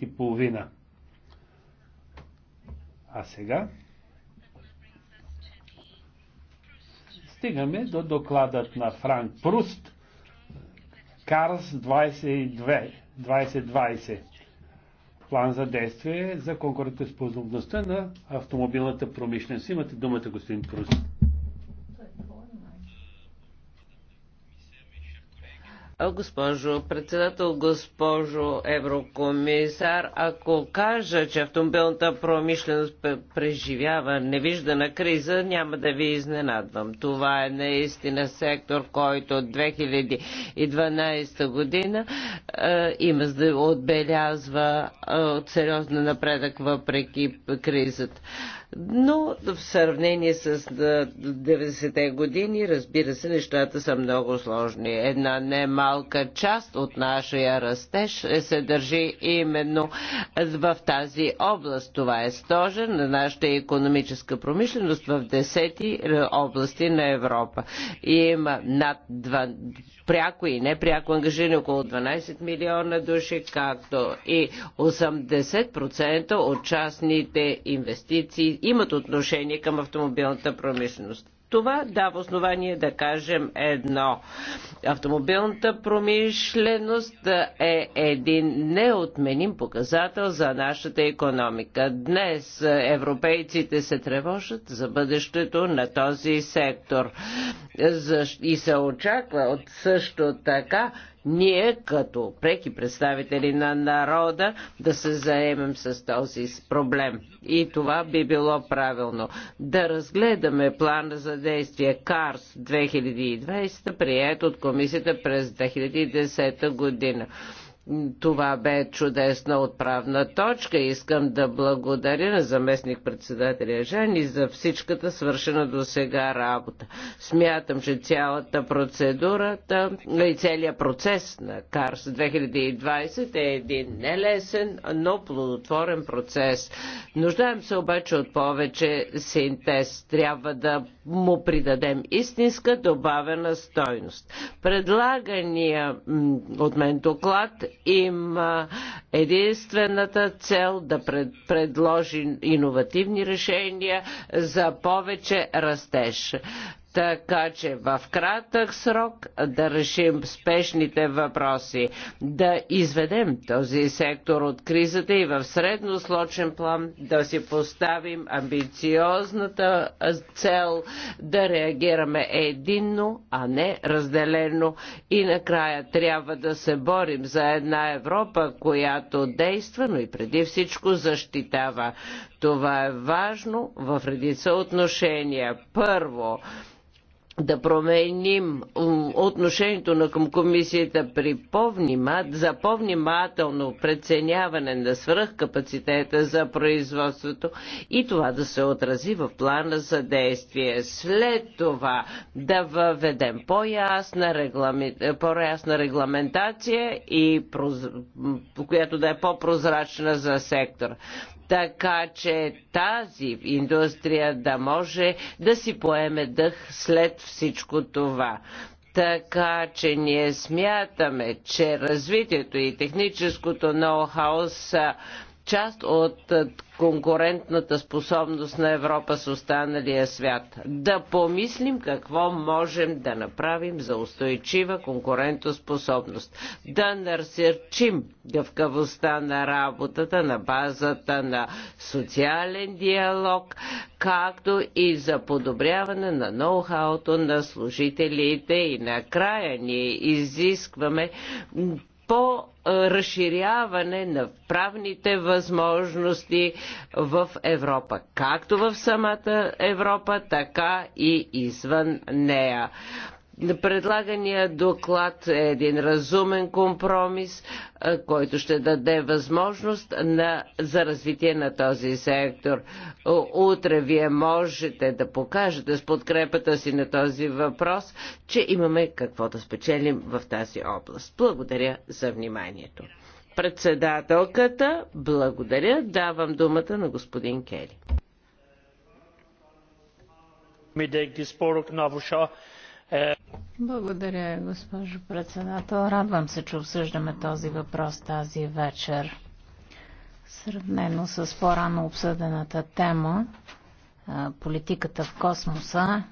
и половина. А сега стигаме до докладът на Франк Пруст, Карс 22, 2020, план за действие за конкурентоспособността на автомобилната промишленост. Имате думата, господин Пруст. Госпожо председател, госпожо еврокомисар, ако кажа, че автомобилната промишленост преживява невиждана криза, няма да ви изненадвам. Това е наистина сектор, който от 2012 година е, има да отбелязва е, сериозна напредък въпреки кризата. Е, но в сравнение с 90-те години, разбира се, нещата са много сложни. Една немалка част от нашия растеж е, се държи именно в тази област. Това е стожен на нашата економическа промишленост в 10 е, области на Европа. И има над 2, пряко и непряко ангажирани около 12 милиона души, както и 80% от частните инвестиции имат отношение към автомобилната промишленост. Това дава основание да кажем едно. Автомобилната промишленост е един неотменим показател за нашата економика. Днес европейците се тревожат за бъдещето на този сектор и се очаква от също така ние като преки представители на народа да се заемем с този проблем. И това би било правилно. Да разгледаме плана за действие КАРС 2020, прият от комисията през 2010 година. Това бе чудесна отправна точка. Искам да благодаря на заместник председателя Жени за всичката свършена до сега работа. Смятам, че цялата процедурата и целият процес на КАРС 2020 е един нелесен, но плодотворен процес. Нуждаем се обаче от повече синтез. Трябва да му придадем истинска добавена стойност. Предлагания от мен доклад им единствената цел да пред, предложи иновативни решения за повече растеж. Така че в кратък срок да решим спешните въпроси, да изведем този сектор от кризата и в средносрочен план да си поставим амбициозната цел да реагираме единно, а не разделено. И накрая трябва да се борим за една Европа, която действа, но и преди всичко защитава. Това е важно в редица отношения. Първо, да променим отношението на към комисията при повнима, за по-внимателно преценяване на свръхкапацитета за производството и това да се отрази в плана за действие. След това да въведем по-ясна, по-ясна регламентация, и проз... която да е по-прозрачна за сектора така че тази индустрия да може да си поеме дъх след всичко това. Така че ние смятаме, че развитието и техническото ноу-хау са част от е, конкурентната способност на Европа с останалия свят. Да помислим какво можем да направим за устойчива конкурентоспособност. Да насърчим гъвкавостта на работата на базата на социален диалог, както и за подобряване на ноу-хауто на служителите. И накрая ние изискваме по разширяване на правните възможности в Европа, както в самата Европа, така и извън нея. Предлагания доклад е един разумен компромис, който ще даде възможност на, за развитие на този сектор. Утре вие можете да покажете с подкрепата си на този въпрос, че имаме какво да спечелим в тази област. Благодаря за вниманието. Председателката, благодаря. Давам думата на господин Кели. Благодаря, госпожо председател. Радвам се, че обсъждаме този въпрос тази вечер. Сравнено с по-рано обсъдената тема, политиката в космоса,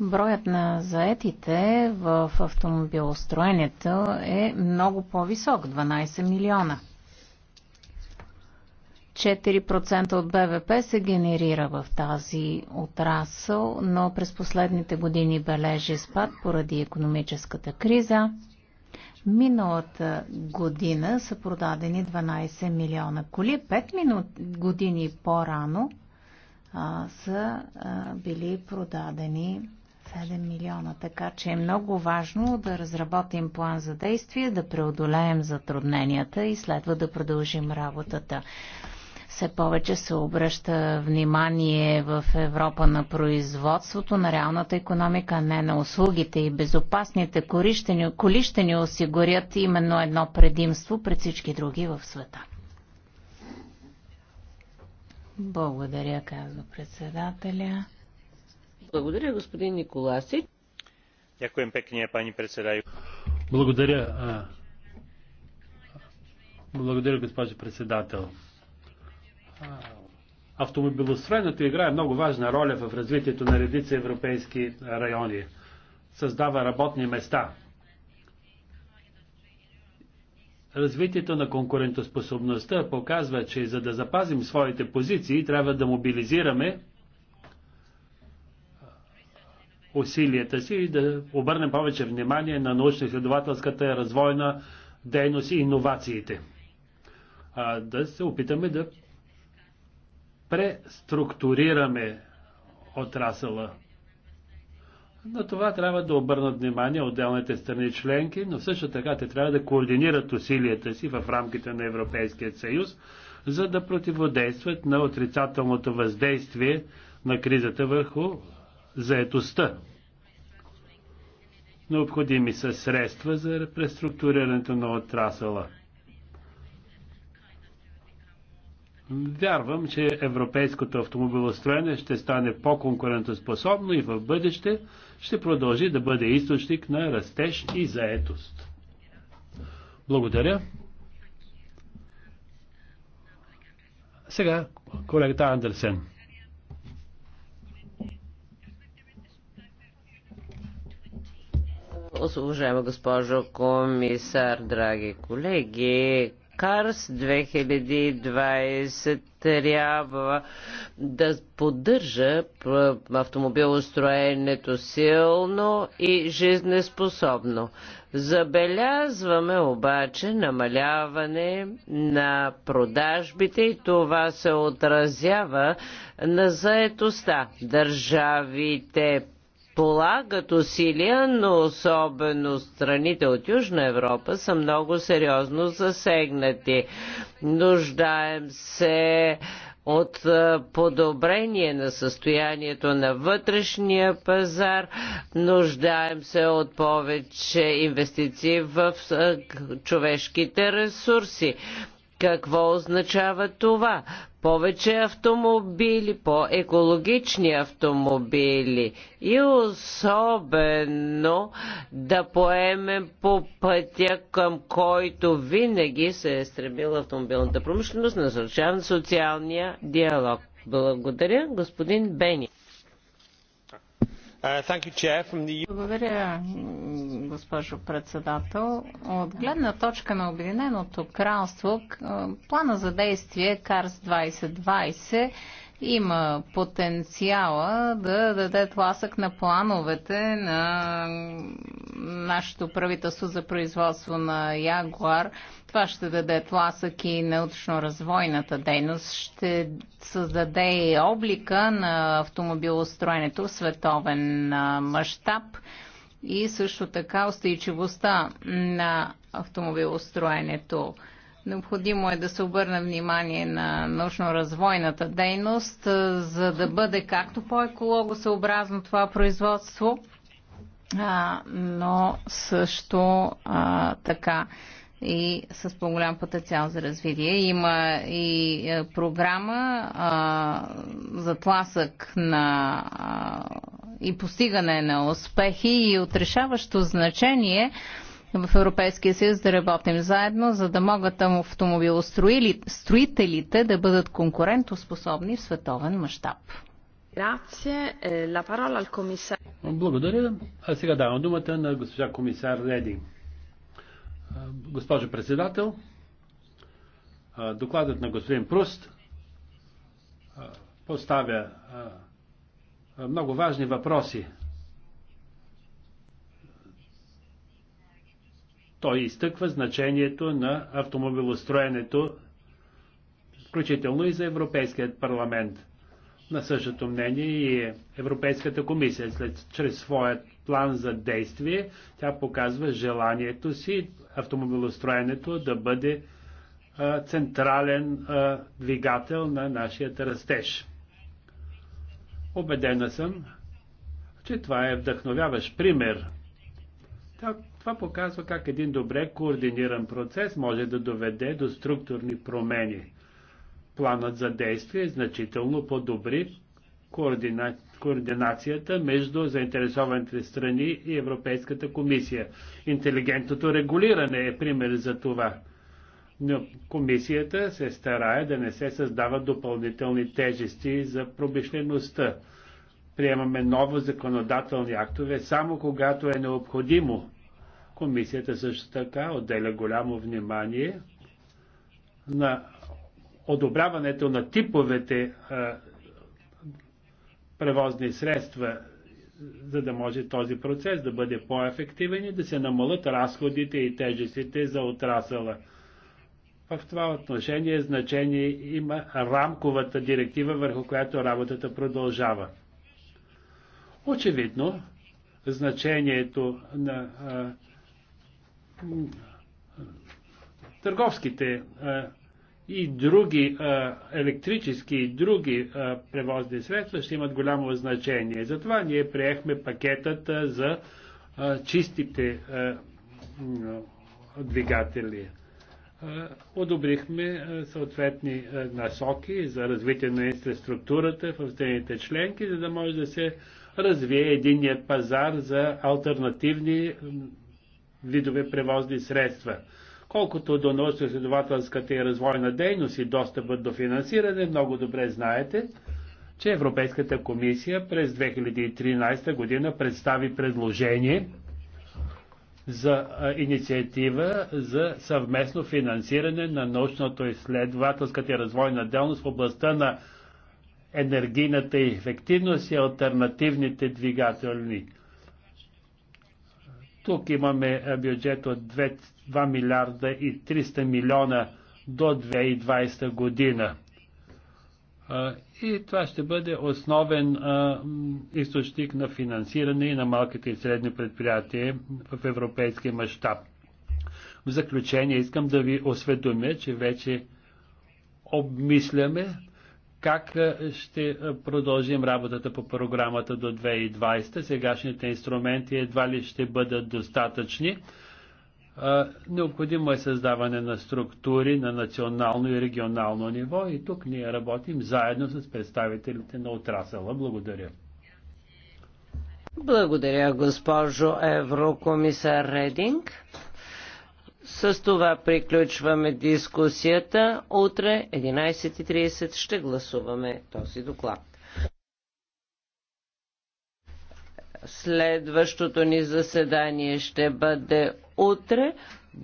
броят на заетите в автомобилостроенето е много по-висок 12 милиона. 4% от БВП се генерира в тази отрасъл, но през последните години бележи спад поради економическата криза. Миналата година са продадени 12 милиона коли. 5 минут, години по-рано са а, били продадени 7 милиона. Така че е много важно да разработим план за действие, да преодолеем затрудненията и следва да продължим работата. Все повече се обръща внимание в Европа на производството, на реалната економика, не на услугите и безопасните коли ще ни осигурят именно едно предимство пред всички други в света. Благодаря, казва председателя. Благодаря, господин Николаси. Дякуем пекния, пани председател. Благодаря. Благодаря, госпожо председател автомобилостроенето играе много важна роля в развитието на редица европейски райони. Създава работни места. Развитието на конкурентоспособността показва, че за да запазим своите позиции, трябва да мобилизираме усилията си и да обърнем повече внимание на научно-изследователската развойна дейност и иновациите. Да се опитаме да преструктурираме отрасъла. На това трябва да обърнат внимание отделните страни членки, но също така те трябва да координират усилията си в рамките на Европейския съюз, за да противодействат на отрицателното въздействие на кризата върху заетостта. Необходими са средства за преструктурирането на отрасъла. Вярвам, че европейското автомобилостроене ще стане по-конкурентоспособно и в бъдеще ще продължи да бъде източник на растеж и заетост. Благодаря. Сега колегата Андерсен. Уважаема госпожо комисар, драги колеги, Карс 2020 трябва да поддържа автомобилостроенето силно и жизнеспособно. Забелязваме обаче намаляване на продажбите и това се отразява на заетостта. Държавите полагат усилия, но особено страните от Южна Европа са много сериозно засегнати. Нуждаем се от подобрение на състоянието на вътрешния пазар. Нуждаем се от повече инвестиции в човешките ресурси. Какво означава това? Повече автомобили, по-екологични автомобили и особено да поемем по пътя, към който винаги се е стремила автомобилната промишленост, насърчаван социалния диалог. Благодаря, господин Бени. Uh, Благодаря, госпожо председател. От гледна точка на Обединеното кралство, плана за действие КАРС 2020 има потенциала да даде тласък на плановете на нашето правителство за производство на Ягуар. Това ще даде тласък и научно-развойната дейност, ще създаде и облика на автомобилостроенето в световен мащаб и също така устойчивостта на автомобилостроенето. Необходимо е да се обърне внимание на научно-развойната дейност, за да бъде както по-екологосъобразно това производство, а, но също а, така и с по-голям потенциал за развитие. Има и програма а, за тласък на а, и постигане на успехи и отрешаващо значение в Европейския съюз да работим заедно, за да могат автомобилостроителите да бъдат конкурентоспособни в световен мащаб. Е, Благодаря. А сега давам думата на госпожа комисар Реди. Госпожо председател, докладът на господин Пруст поставя много важни въпроси. Той изтъква значението на автомобилостроенето, включително и за Европейският парламент. На същото мнение и Европейската комисия, след, чрез своят план за действие, тя показва желанието си автомобилостроенето да бъде а, централен а, двигател на нашия растеж. Обедена съм, че това е вдъхновяващ пример. Това показва как един добре координиран процес може да доведе до структурни промени. Планът за действие е значително по-добри координа... координацията между заинтересованите страни и Европейската комисия. Интелигентното регулиране е пример за това. Но комисията се старае да не се създават допълнителни тежести за промишлеността. Приемаме ново законодателни актове само когато е необходимо. Комисията също така отделя голямо внимание на одобряването на типовете а, превозни средства, за да може този процес да бъде по-ефективен и да се намалят разходите и тежестите за отрасъла. В това отношение е значение има рамковата директива, върху която работата продължава. Очевидно, значението на а, търговските а, и други а, електрически и други а, превозни средства ще имат голямо значение. Затова ние приехме пакетът за а, чистите а, двигатели. Е, одобрихме е, съответни е, насоки за развитие на инфраструктурата в страните членки, за да може да се развие единният пазар за альтернативни видове превозни средства. Колкото до научно-следователската и развойна дейност и достъпът до финансиране, много добре знаете, че Европейската комисия през 2013 година представи предложение за инициатива за съвместно финансиране на научното изследователската и развойна делност в областта на енергийната ефективност и альтернативните двигателни. Тук имаме бюджет от 2, 2 милиарда и 300 милиона до 2020 година. И това ще бъде основен източник на финансиране и на малките и средни предприятия в европейски мащаб. В заключение искам да ви осведомя, че вече обмисляме как ще продължим работата по програмата до 2020. Сегашните инструменти едва ли ще бъдат достатъчни. Необходимо е създаване на структури на национално и регионално ниво и тук ние работим заедно с представителите на отрасъла. Благодаря. Благодаря, госпожо Еврокомисар Рединг. С това приключваме дискусията. Утре 11.30 ще гласуваме този доклад. Следващото ни заседание ще бъде утре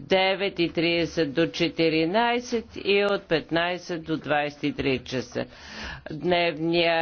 9.30 до 14 и от 15 до 23 часа. Дневния